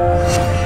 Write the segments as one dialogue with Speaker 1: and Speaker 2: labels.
Speaker 1: Thank you.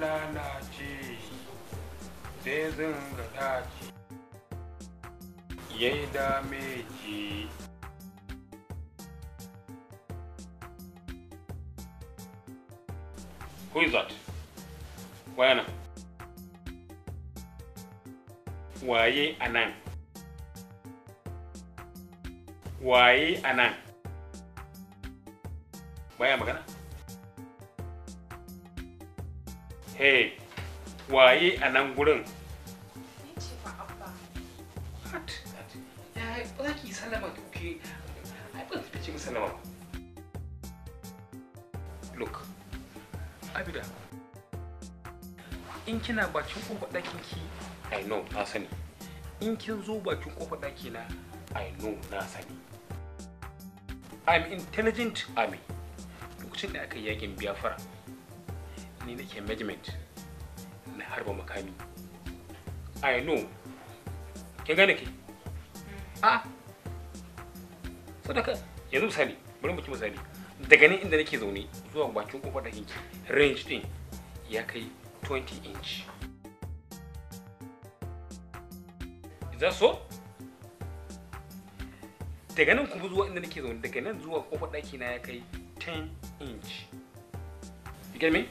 Speaker 1: sai zan ga Who is that? Wayana. Waye anan? Waye anan? Baya magana? Hey, waye a nan gurin? Eh, ba ki salama Look, Abida, in kina bakin kofar ɗakin ki, I know na sani. In kin zo bakin kofar na, I know na sani. I'm intelligent army. Lokacin da aka yi yakin biyafara, ni nake management na harba makami i know ke gane ke a ah. sadaka yanzu misali bari mu ki misali daga nan inda nake zaune zuwa bakin kofar da ki range din ya kai 20 inch is that so daga nan kuma zuwa inda nake zaune daga nan zuwa kofar ɗaki na ya kai 10 inch you get me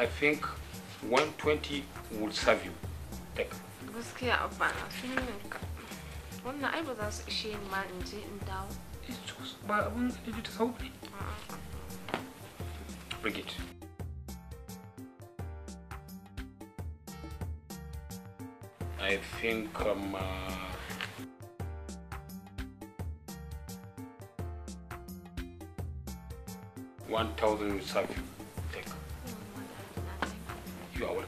Speaker 1: I think 120 will serve you.
Speaker 2: Take. Gaskiya abba Wannan ai ba za su ishe ni ma in je in dawo. Ba
Speaker 1: I think um, uh, one thousand will serve you. a are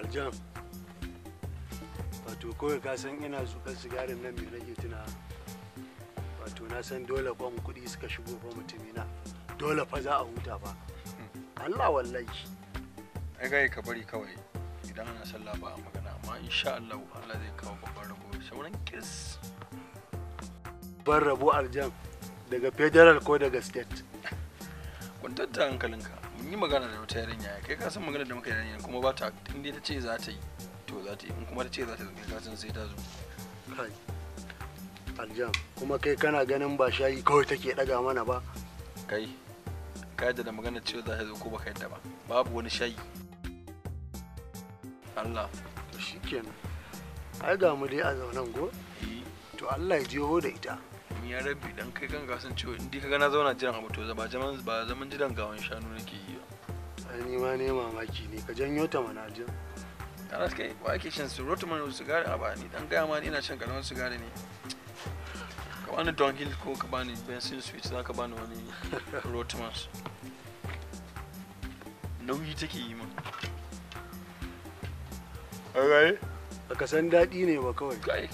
Speaker 3: aljan wato kawai ka san ina zuƙar sigarin nan mai nake tuna wato na san dole kwan kuɗi suka shigo fa mutumina dole fa za a huta fa Allah wallahi
Speaker 4: ai gai ka bari kawai idan ana sallah ba a magana amma insha Allah Allah zai kawo babban rabo sauran kis babban rabo aljan
Speaker 3: daga federal ko daga state
Speaker 4: kun tattara hankalinka mun yi magana da wata yarinya kai ka san magana da muka yarinya kuma ba ta in dai ta ce za ta yi to za ta yi in kuma ta ce za ta yi, kacin sai ta zo
Speaker 3: kai aljan kuma kai kana ganin ba shayi kawai take daga mana ba kai
Speaker 4: ka yadda da magana cewa za ta zo ko ba ka yadda ba
Speaker 3: babu wani shayi Allah to shikenan ai ga mu dai a zaunan go eh. to Allah ya jiho da ita ya rabbi dan kai kan
Speaker 4: gasan cewa in dai ka gana na zauna jiran abu to ba zaman ba zaman jiran gawan shanu nake yi
Speaker 3: ni ma ne mamaki ne ka janyo ta mana jin
Speaker 4: ana kai ba ake shan surutu mana gari a ba ni dan gaya ma ina shan kalmar gari ne ka bani don hill ko ka bani bensin switch za ka bani wani rotumans
Speaker 3: nauyi take yi min a ka san daɗi ne ba kawai kai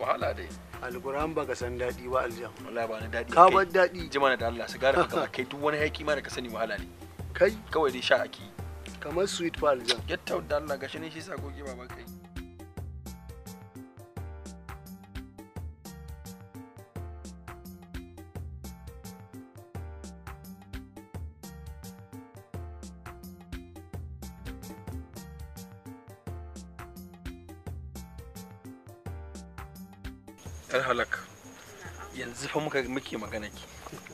Speaker 3: wahala dai alquran baka san daɗi ba aljam wallahi ba ni daɗi ka
Speaker 4: bar daɗi jima da Allah sigari haka kai duk wani haƙi ma da ka sani wahala ne kai kawai dai sha ake kamar sweet parmesan get out da Allah gashi ne shi sako ke baba kai yar halak yanzu fa muka muke magana ki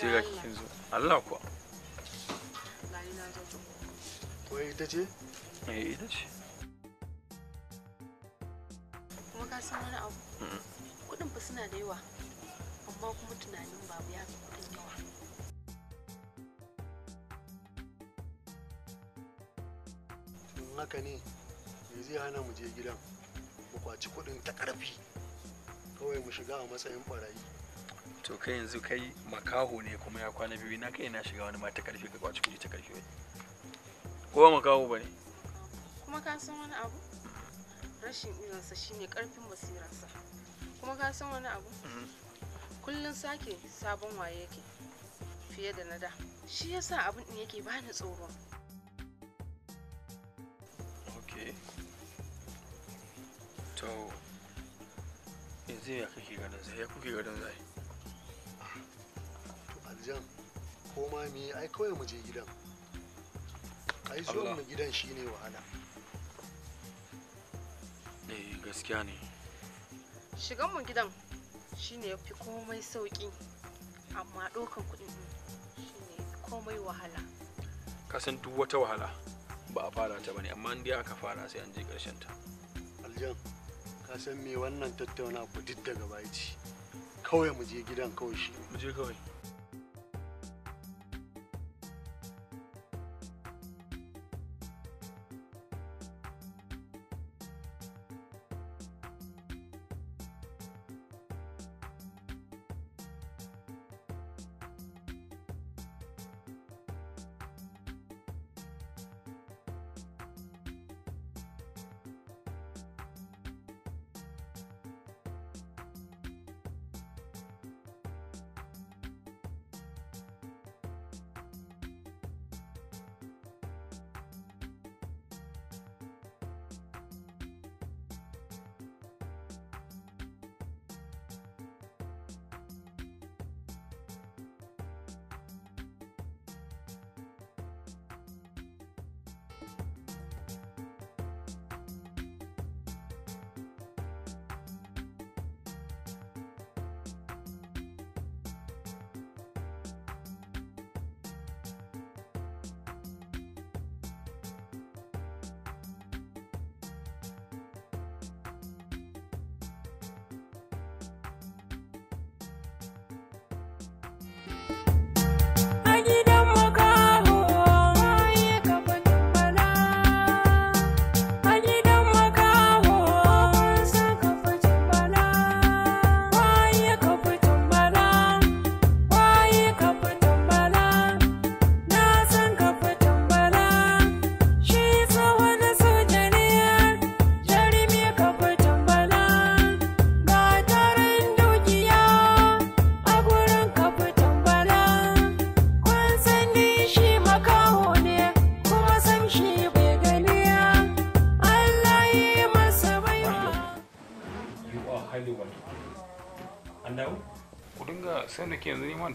Speaker 4: sai ga kin zo Allah kuwa
Speaker 3: wai eh, ita ce?
Speaker 2: kuma ka san wani abu kudin suna da yawa amma kuma tunanin babu ya kudin yawa
Speaker 3: haka ne me zai hana mu je gidan mu kwaci kudin ta karfi kawai mu shiga a matsayin ɓarayi.
Speaker 4: to kai yanzu kai makaho ne kuma ya kwana biyu na kai na shiga wani mata karfe ka kwaci kuɗi ta karfe ko makaho bane
Speaker 2: kuma ka san wani abu rashin irinsa shine karfin basirarsa kuma ka san wani abu mm-hmm. kullun sake sabon waye yake fiye da na da shi yasa abin din yake bani tsoro
Speaker 4: okay to yanzu ya kake ganin zai ya kuke ganin zai
Speaker 3: aljan ko ma me ai kawai mu je gidan ai zuwan mu gidan shine wahala
Speaker 4: ne eh, gaskiya ne
Speaker 2: shigan mu gidan shine yafi komai sauki amma ɗaukan kuɗin shine komai wahala
Speaker 4: kasan duk wata wahala ba a fara ta bane amma dai aka fara sai an je ƙarshen ta aljan
Speaker 3: ka san me wannan tattauna ku duk daga bayi kawai mu je gidan kawai shi mu je kawai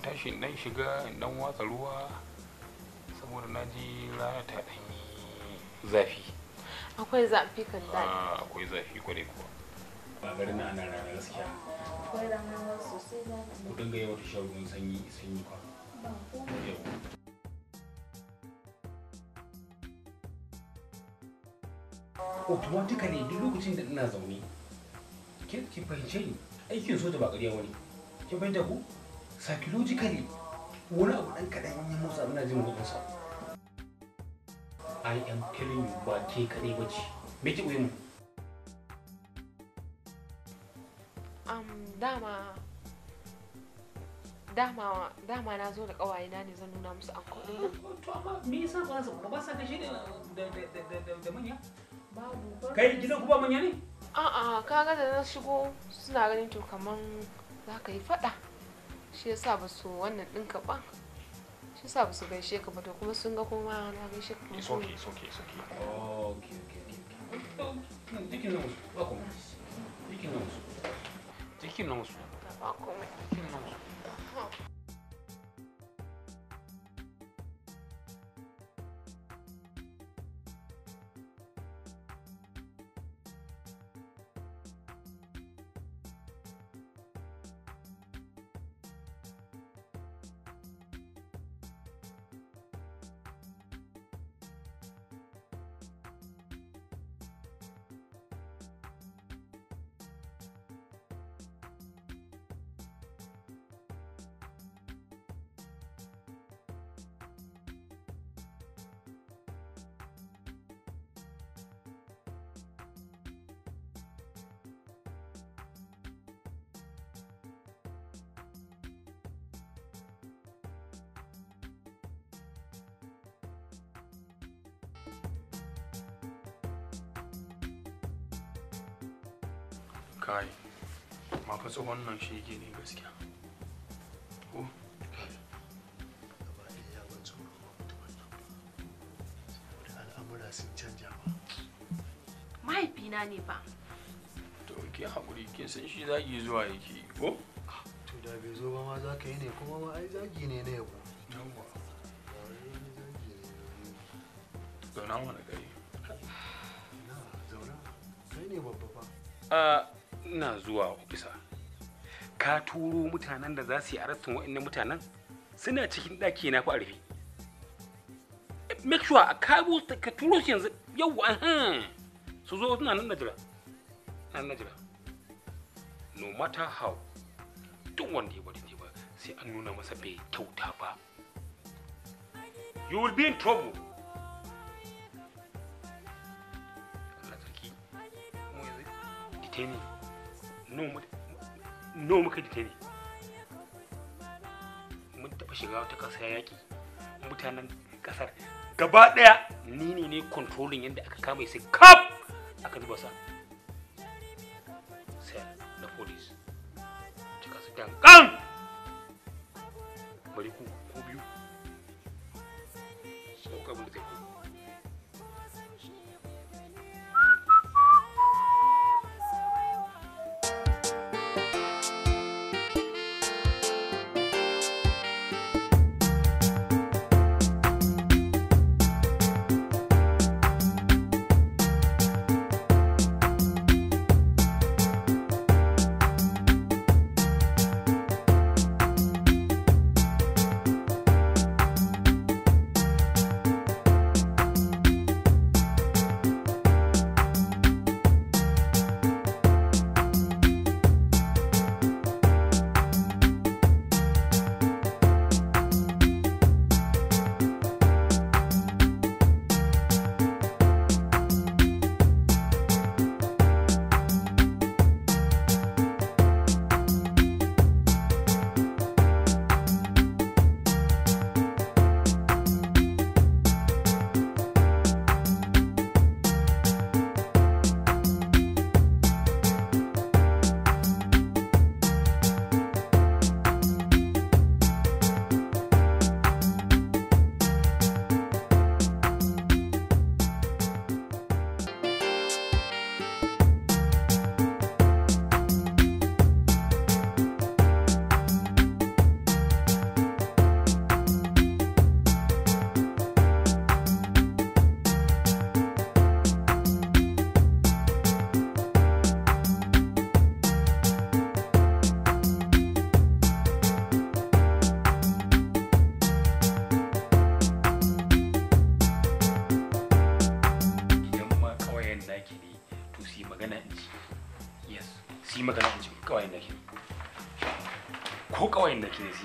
Speaker 1: tashi in dan shiga dan watsa ruwa saboda na ji rana ta dan yi zafi
Speaker 2: akwai zafi kan da ah,
Speaker 1: akwai zafi kwarai kuwa ba garin ana rana gaskiya
Speaker 2: akwai rana sosai da
Speaker 1: ku dinga yawan shan ruwan sanyi sanyi kwa automatically duk lokacin da ina zaune kin fahimce ni aikin so da ba ƙarya wani kin fahimta ku psychologically wani abu ɗan kaɗan ya musa ina jin motsinsa i am killing you ba ke kaɗai ba ce me ki mu
Speaker 2: um, dama dama dama na zo da kawaye na ne zan nuna musu an kuɗi to amma me yasa ba su ba sa kashe da
Speaker 1: da da da manya
Speaker 2: babu kai gidan ku ba manya ne a'a kaga da na shigo suna ganin to kaman za ka yi faɗa shi yasa ba su wannan ɗinka ba shi yasa ba su gaishe ka ba to kuma sun ga kuma na gaishe ka kuma soke
Speaker 1: soke soke ok ok ba ba
Speaker 4: kai mafi tsohon nan shi ke ne gaskiya ko
Speaker 3: al'amura sun canja ba
Speaker 2: mahaifina ne ba
Speaker 3: to ki haƙuri kin san shi zagi zuwa yake ko to da bai zo ba ma za ka yi ne kuma ma ai zagi ne na yabo zauna wani gari zauna kai ne babba ba
Speaker 1: ina zuwa ofisa ka turo mutanen da za su yi arastin wa'annan mutanen suna cikin ɗaki na fa a rufe make sure ka ka turo shi yanzu yau an su zo suna nan najira nan najira no matter how duk wanda ya bari ne ba sai an nuna masa bai kyauta ba you will be in trouble Allah no muka dita ne mun taɓa shiga wata ƙasa yaƙi mutanen ƙasar gaba ɗaya ni ne ne kontrolin yadda aka kama sai kaf aka zuba sa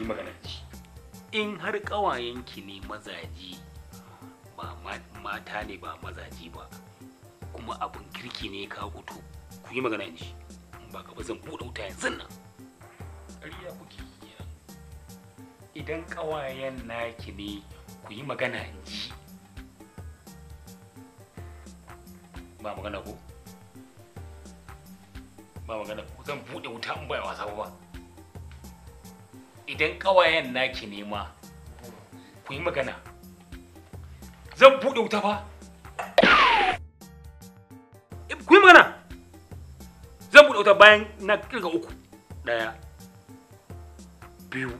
Speaker 1: yi magana da in har ƙawayenki ne mazaji ba mata ne ba mazaji ba kuma abin kirki ne ka kuto ku yi magana da ba ka ba zan buɗe wuta yanzu nan ƙarya kuke idan ƙawayen naki ne ku yi magana ji ba magana ko ba magana ko zan buɗe wuta in ba wasa ba idan kawayen naki nema ku yi magana zan buɗe wuta fa ku yi magana zan buɗe wuta bayan na kirga uku ɗaya biyu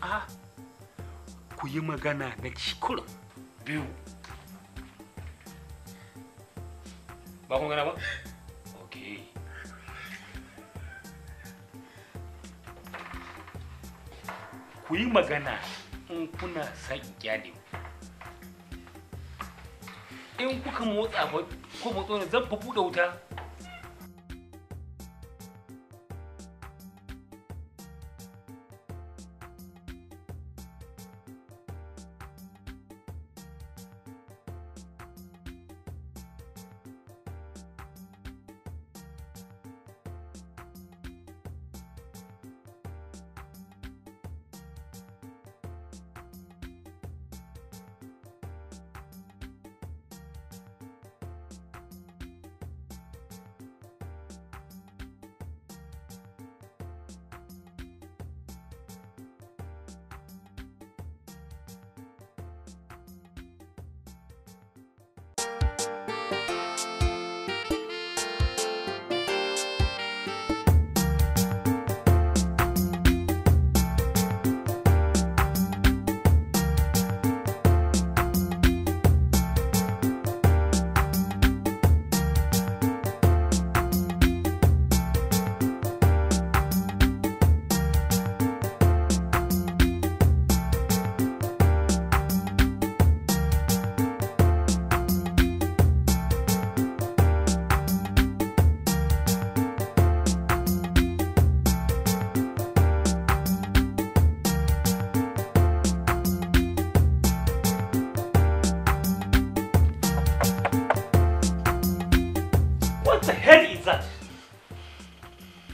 Speaker 1: a ah. ku yi magana na cikin biyu ba ku gana ba ku yi magana in kuna son iyali in kuka motsa ko motsa zan fi buɗe wuta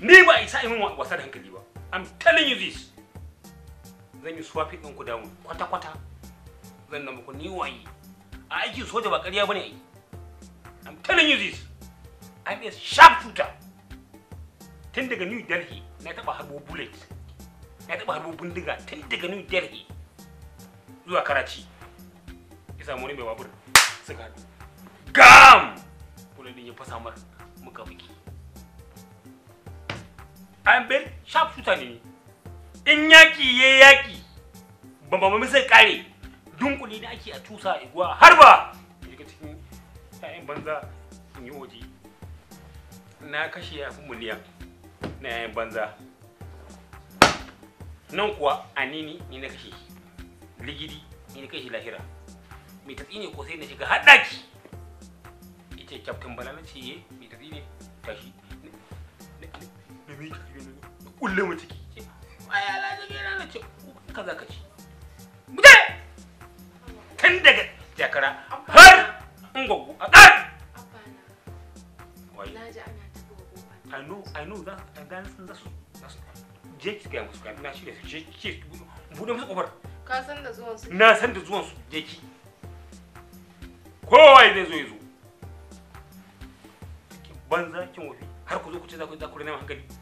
Speaker 1: ni ba isa in wasa da hankali ba i'm telling you this zan yi swafi ɗin ku damu kwata-kwata zan na muku ni waye a aiki soja ba ƙarya ba ne ai i'm telling you this i'm a sharp shooter tun daga new delhi na taɓa harbo bullet na taɓa harbo bindiga tun daga new delhi zuwa karachi isa samu wani mai babur suka haɗu gam bullet ɗin ya fasa mara muka biki I am sharp shooter ne. In yaki ya yaki, ba ba zai kare dunkuli ne ake a tusa iguwa har ba. Shiga cikin ƴaƴan banza in yi waje. Na kashe ya fi miliyan na ƴaƴan banza. Nan kuwa anini ni na kashe ligidi ni na kashe lahira. Mai tatsi ne ko sai na shiga haɗaki. Ita kyaftin bala na ce eh, mai tatsi ne tashi. ya kulle mu ciki
Speaker 2: ce kaza ka ci
Speaker 1: tun daga jakara har ungogo a ɗan wai I know, I know je ki gaya musu na shirya su je ki buɗe musu ƙofar.
Speaker 2: Ka san da zuwan su. Na san da
Speaker 1: zuwan su je ki. Kowa zai zo ya Banza kin har ku zo ku ce za ku za ku rena hankali.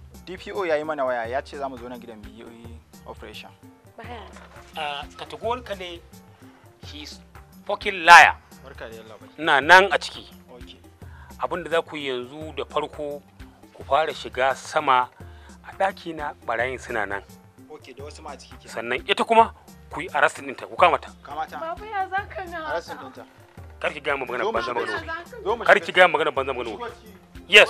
Speaker 5: dpo ya yi mana waya ya ce za mu zo nan gidan mu yi operation
Speaker 1: a kategorika ne he is fucking liar ina nan a ciki abinda za ku yanzu da farko ku fara shiga sama a ɗaki na ɓarayin suna nan sannan ita kuma ku yi arrestin ɗinta ku kamata
Speaker 4: babu ya za ka na Arrestin ɗinta
Speaker 1: kar ki gaya magana banza
Speaker 4: magana
Speaker 5: kar ki gaya
Speaker 1: magana banza magana yes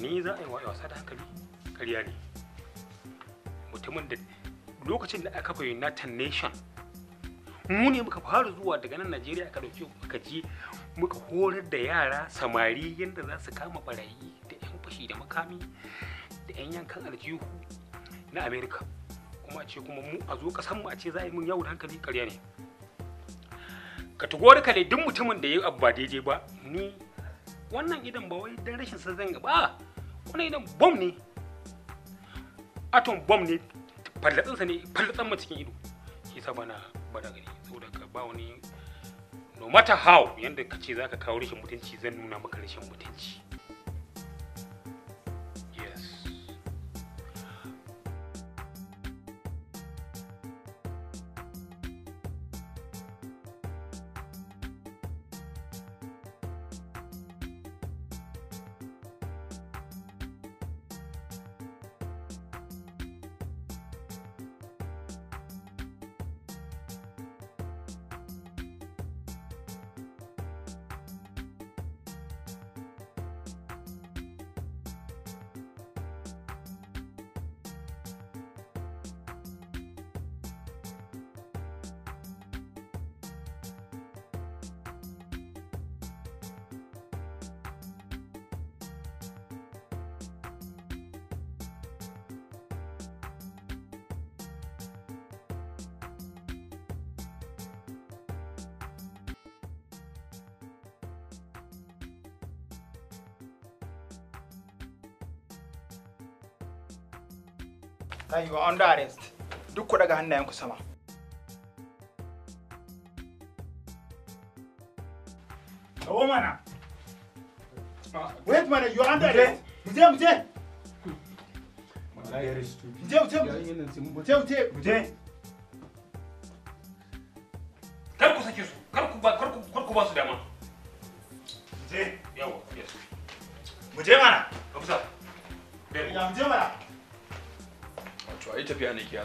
Speaker 1: ni za a yi wasa da hankali ƙarya ne mutumin da lokacin da aka bayyana United Nation mu ne muka fara zuwa daga nan Najeriya aka dauke muka je muka horar da yara samari yadda za su kama barayi da 'yan fashi da makami da 'yan yankan aljihu na America kuma a ce kuma mu a zo kasan mu a ce za a yi mun yau da hankali ƙarya ne ka ne duk mutumin da ya abu ba daidai ba ni wannan idan ba wai dan rashin sa zanga ba wani idan bom ne atom bom ne fallatsinsa ne fallatsan mu cikin ido shi sa bana bana gani saboda ka ba wani no matter how yanda ka ce zaka kawo rashin mutunci zan nuna maka rashin mutunci Now you are under arrest. Duk ku daga hannayenku sama. Kawo mana. Wait man, you are under arrest. Muje, muje.
Speaker 5: Muje, muje.
Speaker 1: Muje, muje. Muje, muje.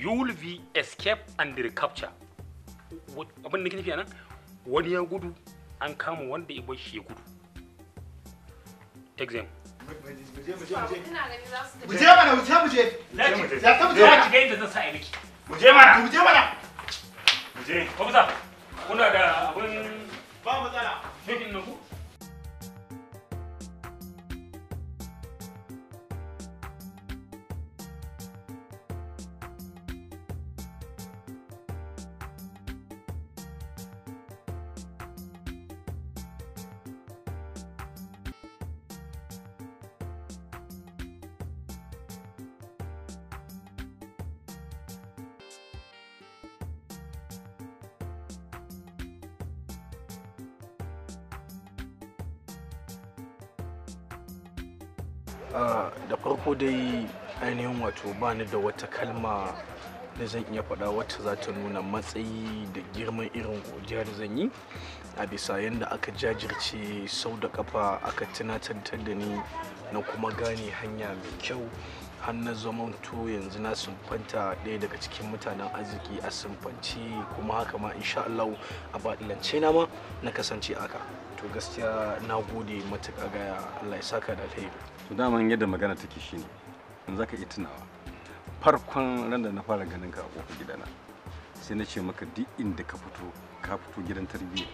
Speaker 1: you will be escape and recapture abin da ke tafiya nan wani ya gudu an kama wanda ya shi ya gudu exam muje mana muje muje ya ta muje mana ga zan sa miki muje
Speaker 3: mana muje mana
Speaker 1: muje ko kuna da abin ba matsala shekin nan ku
Speaker 4: Ah, da farko dai ainihin wato ba ni da wata kalma da zan iya faɗa wata za ta nuna matsayi da girman irin godiya da zan yi a bisa yadda aka jajirce sau da kafa aka tunatar da ni na kuma gane hanya mai kyau har na to yanzu na sumfanta ɗaya daga cikin mutanen arziki a sumfanci kuma haka ma insha Allah a baɗilance na ma na kasance
Speaker 5: aka. to gaskiya na gode matuƙa gaya Allah ya saka da kai. to daman yadda magana take shine in zaka iya tunawa farkon ran da na fara ganin ka a kofar gidana sai na ce maka duk inda ka fito ka fito gidan tarbiyya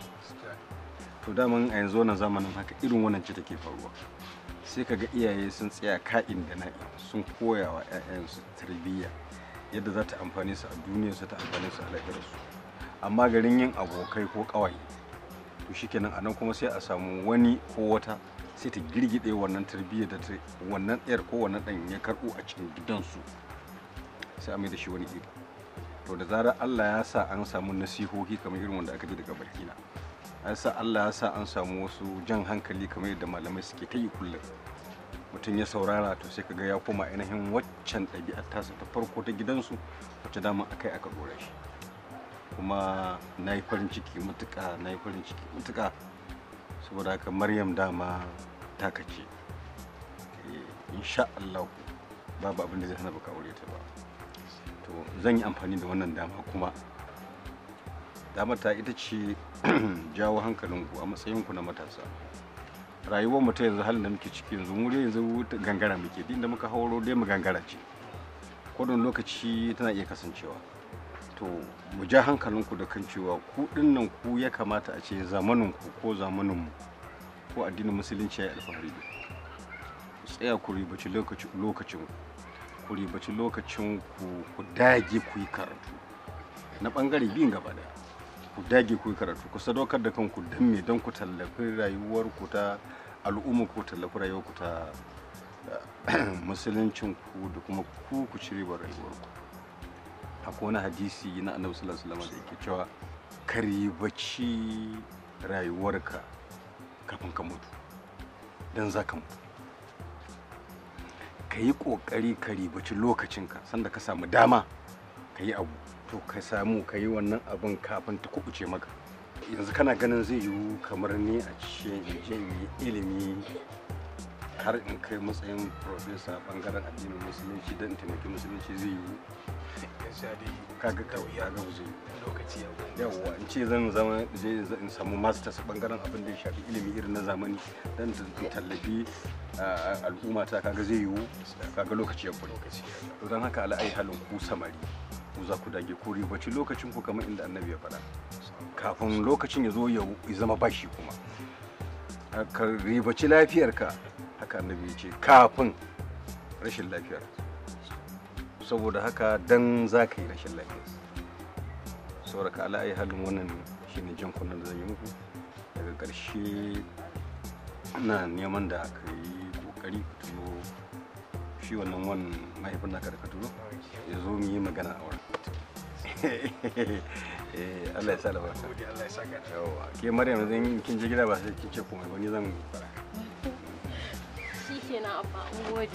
Speaker 5: to daman a yanzu wannan zamanin haka irin wannan ce take faruwa sai ka ga iyaye sun tsaya ka'in da na sun koya wa 'ya'yansu tarbiyya yadda za ta amfani su a duniyarsu ta amfani su a lafiyarsu amma garin yin abokai ko ƙawaye to shikenan anan kuma sai a samu wani ko wata sai ta girgide wannan tarbiyyar da wannan ɗayar ko wannan ɗan ya karɓo a cikin gidansu sai a mai da shi wani iko to da zarar Allah ya sa an samu nasihohi kamar irin wanda aka ji daga barkina ya sa Allah ya sa an samu wasu jan hankali kamar yadda malamai suke ta yi kullum mutum ya saurara to sai kaga ya koma ainihin waccan ɗabi'ar tasa ta farko ta gidansu wacce dama akai aka ɗora shi kuma na yi farin ciki matuka na yi farin ciki matuka saboda haka maryam dama ta kace eh, insha Allah babu abin da zai hana baka aure ta ba to zan yi amfani da wannan dama kuma dama ta ita ce jawo hankalinku a matsayinku na matasa rayuwar mu ta yanzu halin da muke ciki yanzu mu yanzu gangara muke din da muka hauro dai mu gangara ce kodon lokaci tana iya kasancewa to mu ja hankalinku da kan cewa kuɗin nan ku ya kamata a ce zamaninku ko zamaninmu ko addinin musulunci ya alfahari da ku tsaya ku ribaci lokacin ku ribaci lokacin ku ku dage ku yi karatu na bangare biyun gaba da ku dage ku yi karatu ku sadaukar da kanku don me don ku tallafi rayuwarku ta al'umma ku tallafi rayuwarku ta eh, musuluncin ku da kuma ku ku ci ribar rayuwarku akwai hadisi na annabi sallallahu alaihi wasallam da yake cewa karibaci rayuwarka kafin ka mutu dan za ka mutu ka yi ƙoƙari ka ribaci lokacinka sanda ka samu dama ka yi abu to ka samu ka yi wannan abin kafin ta kubuce maka yanzu kana ganin zai yiwu kamar ni a cikin ilimi har in kai matsayin profesa bangaren addinin musulunci don taimaki musulunci zai yiwu kaga kawai ya ga zai lokaci yawa in ce zan zama in samu masters bangaren abin da ya shafi ilimi irin na zamani don tallafi al'umma ta kaga zai yiwu kaga lokaci ya bari don haka ala'ai halin ku samari ku za ku dage kuri bacci lokacin ku kamar inda annabi ya faɗa kafin lokacin ya zo ya zama bashi kuma ka ribaci lafiyarka haka annabi ya ce kafin rashin lafiyar saboda haka dan za ka yi rashin lafiyar saboda ka ala'ai halin wannan shi ne jan kunan da zan yi muku daga ƙarshe na neman da ka yi ƙoƙari ku tuno shi wannan wannan mahaifin naka da ka tuno ya zo mu yi magana a wurin eh, Allah ya sa albarka. Allah ya sa Ke Maryam zan kin je gida ba sai kin ce komai ba ni zan
Speaker 2: na abba an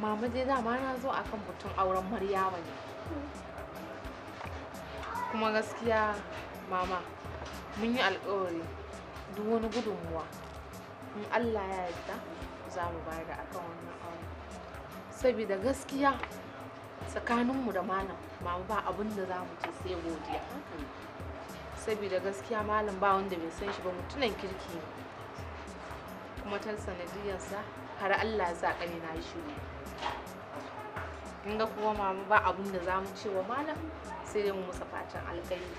Speaker 2: mama dai dama na zo akan mutum auren maryama ne kuma gaskiya mama mun yi alkawari duk wani gudunmuwa in allah ya yarda za mu bayar da akan wannan auren saboda gaskiya tsakaninmu da malam mama ba abin da za mu ce sai godiya saboda gaskiya malam ba wanda bai san shi ba mutunan kirki ne kuma ta sanadiyarsa har allah za ƙari na shi ne inda ga kuma mama ba abin da za mu ce wa malam sai dai mu musa fatan alkhairi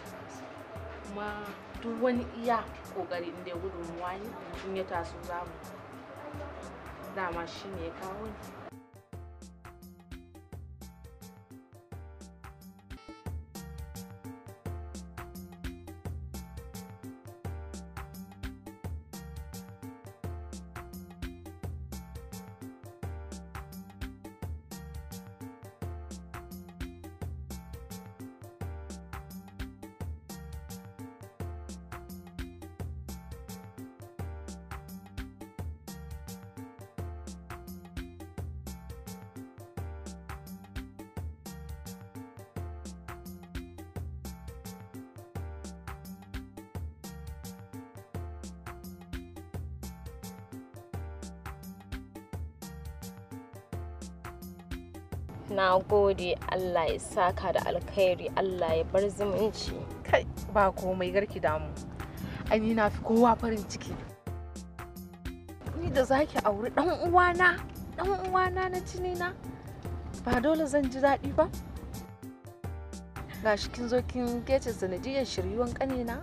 Speaker 2: kuma duk wani iya kokari inda ya gudunmuwa ne in ya taso zamu dama shi ya kawo ni na gode allah ya saka da alkhairi allah ya bar zumunci kai ba komai garki damu na fi kowa farin ciki ni da zaki auri dan uwana dan uwana na cini ba dole zan ji daɗi ba gashi kin zo kin gece sanadiyar shiryuwan ƙanina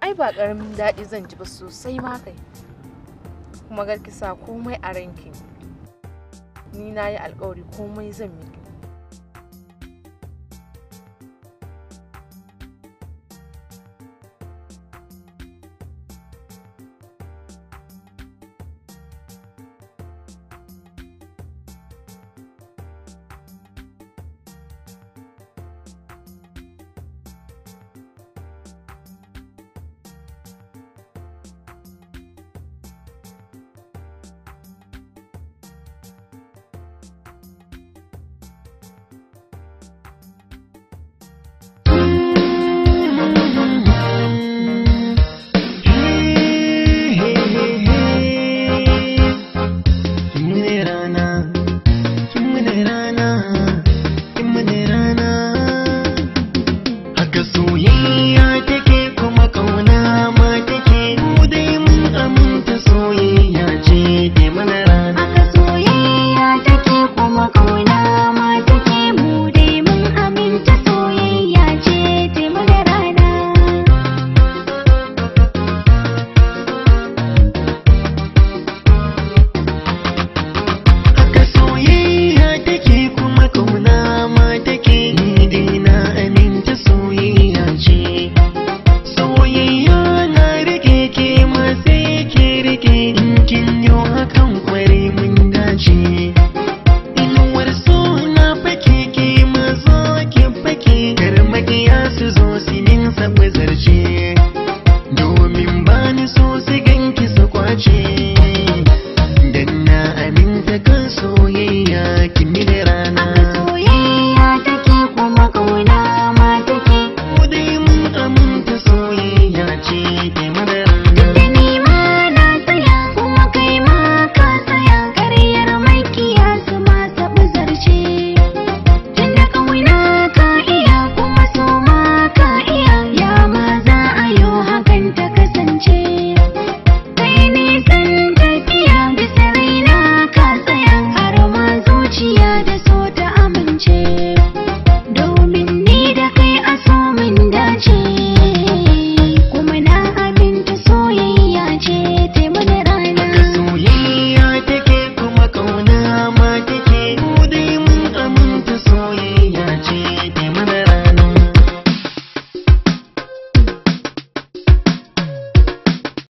Speaker 2: ai ba ƙaramin daɗi zan ji ba sosai ma kai kuma garki sa komai a ranki ni na yi alkawari komai zan miki